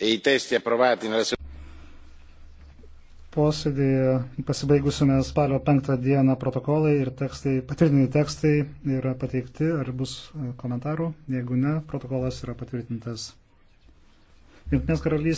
e i testi approvati nella posėdėje pasibaigusiame spalio 5 dieną protokolai ir tekstai, patvirtinti tekstai yra pateikti, ar bus e, komentarų, jeigu ne, protokolas yra patvirtintas. Junktinės karalystės.